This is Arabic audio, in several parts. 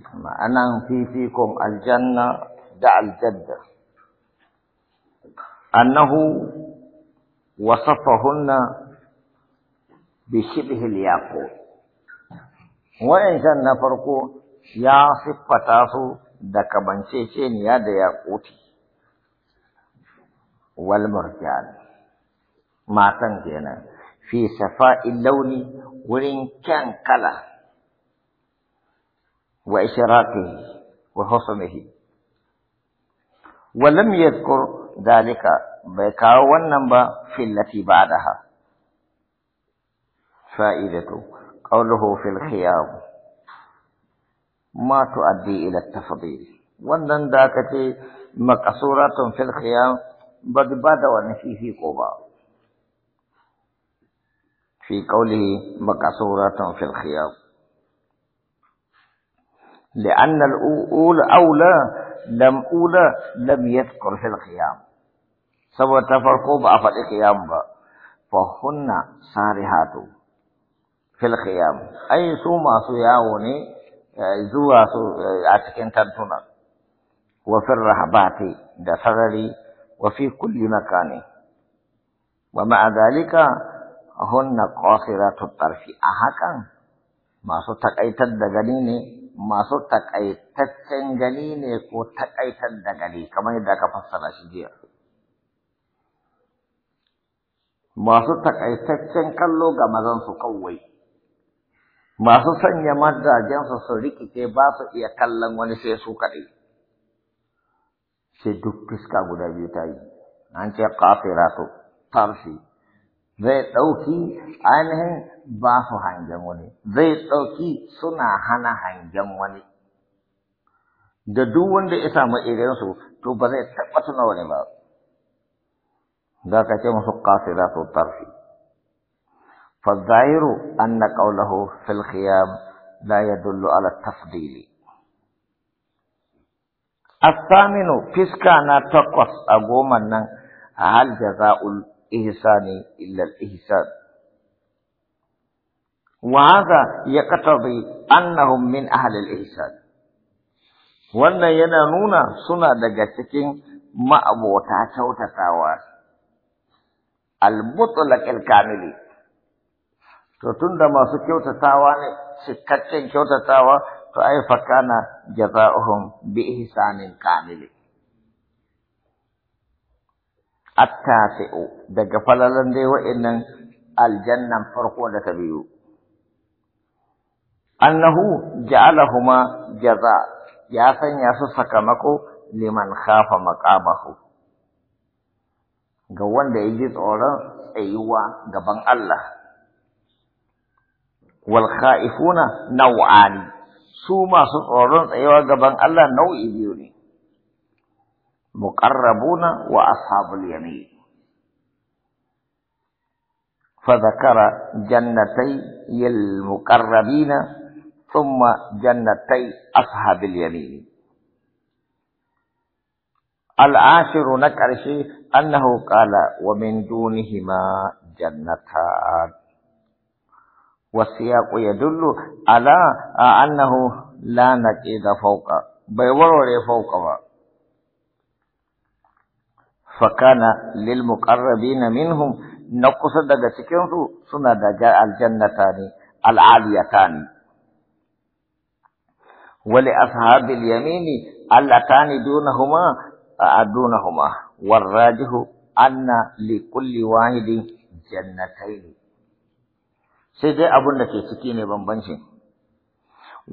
ma'anan fifikon aljanna da aljadda annahu wasafahunna bi shibhil yaqut wa'ansan na farko ya siffata su da kamanceceniya da yaquti wal murjan matan kenan fi safa'il launi wurin kyan kala وإشراكه وحسنه ولم يذكر ذلك بكاو والنمبر في التي بعدها فائدة قوله في الخيام ما تؤدي إلى التفضيل وندن ذاك مقصورة في الخيام بد بعد ونفي في قبا في قوله مقصورة في الخيام لأن الأولى أولى لم أولى لم يذكر في القيام سوى تفرقوا بأف القيام فهن صارحات في القيام أي سوما سياوني زوا أتكن تنتنا وفي الرهبات دسغري وفي كل مكان ومع ذلك هن قاصرات الطرف أهكا ما ستكأيت الدغنيني masu takaitaccen gani ne ko takaitar da gani kamar yadda aka fassara shi jiya masu takaitaccen kallo ga mazansu kawai masu sanya mazajensu su rikice ba su iya kallon wani sai su kaɗai sai duk fuska guda biyu ta yi an ce kafiratu tarfi zai ɗauki ainihin ba su hangen wani, zai ɗauki suna hana hangen wani. Da duk wanda ya samu irinsu, to ba zai taɓa tuna wani ba. Za ka ce musu ƙasi za su tarfi. فالظاهر أن قوله في الخيام لا يدل على التفضيل الثامن فسكانا تقص أبو منن هل جزاء الإحسان إلا الإحسان وهذا يقتضي أنهم من أهل الإحسان وأن ينالون سنة دقاتكين ما أبو تاوار المطلق الكامل تتند ما سكيو تتاواني سكتين كيو تتاوى فأي فكان جزاؤهم بإحسان كامل attasi'u daga falalan dai wa'annan aljannan farko da ta biyu annahu ja'alahuma jaza ya sanya su sakamako liman khafa maqamahu ga wanda ya ji tsoron tsayuwa gaban Allah wal kha'ifuna naw'ani su masu tsoron tsayuwa gaban Allah nau'i biyu ne مقربون وأصحاب اليمين فذكر جنتي المقربين ثم جنتي أصحاب اليمين العاشر نكر شيء أنه قال ومن دونهما جنتان والسياق يدل على أنه لا نكيد فوق بيور فوق فكان للمقربين منهم نقص دغ سو سنا دغ الجنتان العاليتان ولأصحاب اليمين اللتان دونهما آه، دونهما والراجح أن لكل واحد جنتين سيدي أبو كي سكيني بمبنشي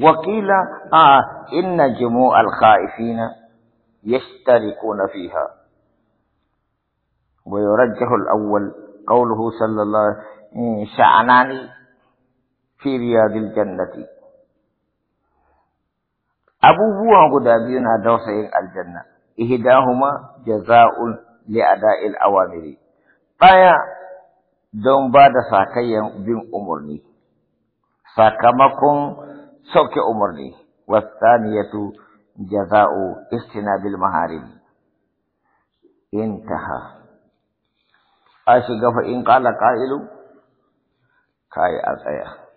وقيل آه إن جموع الخائفين يشتركون فيها ويرجح الأول قوله صلى الله عليه وسلم شعنان في رياض الجنة أبو بوا قدابينا دوسين الجنة إهداهما جزاء لأداء الأوامر قايا دون بعد ساكيا بن أمرني ساكمكم سوك أمرني والثانية جزاء استناد المهارم انتهى a shiga fa in kala ka'ilu kai a tsaya